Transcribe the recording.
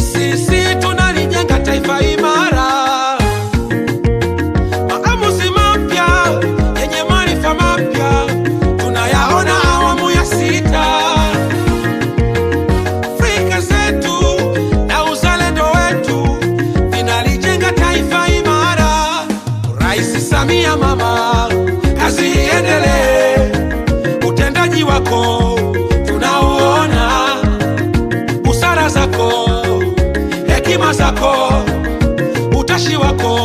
Sisi tunalijenga taifa imara, maamuzi mapya yenye maarifa mapya tunayaona awamu ya sita. Afrika zetu na uzalendo wetu vinalijenga taifa imara. Rais Samia mama, kazi iendelee. wako, utashi wako